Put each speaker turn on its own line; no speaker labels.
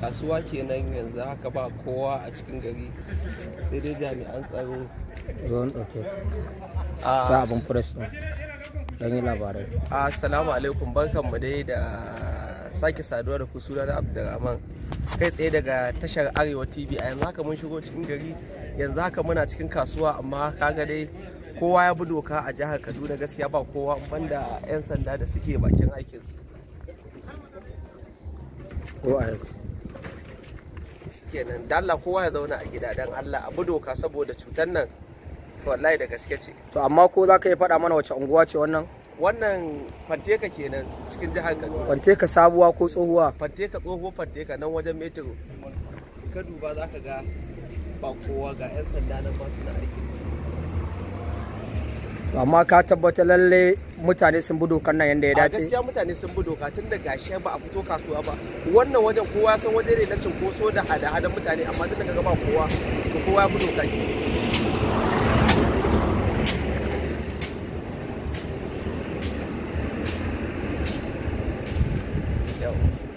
kasuwa kenan yanzu haka ba kowa a cikin gari sai dai jami'an
tsaro zon okay sa abin press ɗin don yi labarai
assalamu alaikum mu dai da sake saduwa da ku sunana abdurrahman kai tsaye daga tashar arewa tv a yanzu haka mun shigo cikin gari yanzu haka muna cikin kasuwa amma kaga dai kowa ya bi doka a jihar kaduna gaskiya ba kowa banda 'yan sanda da suke bakin aikinsu kenan da Allah kowa ya zauna a gida dan Allah abu doka saboda cutar nan wallahi da gaske ce
to amma ko za ka yi faɗa mana wace unguwa ce wannan
wannan fanteka kenan cikin jihar Kaduna fanteka
sabuwa ko tsohuwa
fanteka tsohuwa fanteka nan wajen metro ka duba za ka ga ba kowa ga 'yan sanda nan ba suna aikin
amma ka tabbata lalle mutane sun bi dokar nan yadda ya dace gaskiya
mutane sun bi doka tun da shi ba a fito kasuwa ba wannan wajen kowa san waje ne na cinkoso da hada-hadan mutane amma tun daga gaba kowa to kowa ya budo doka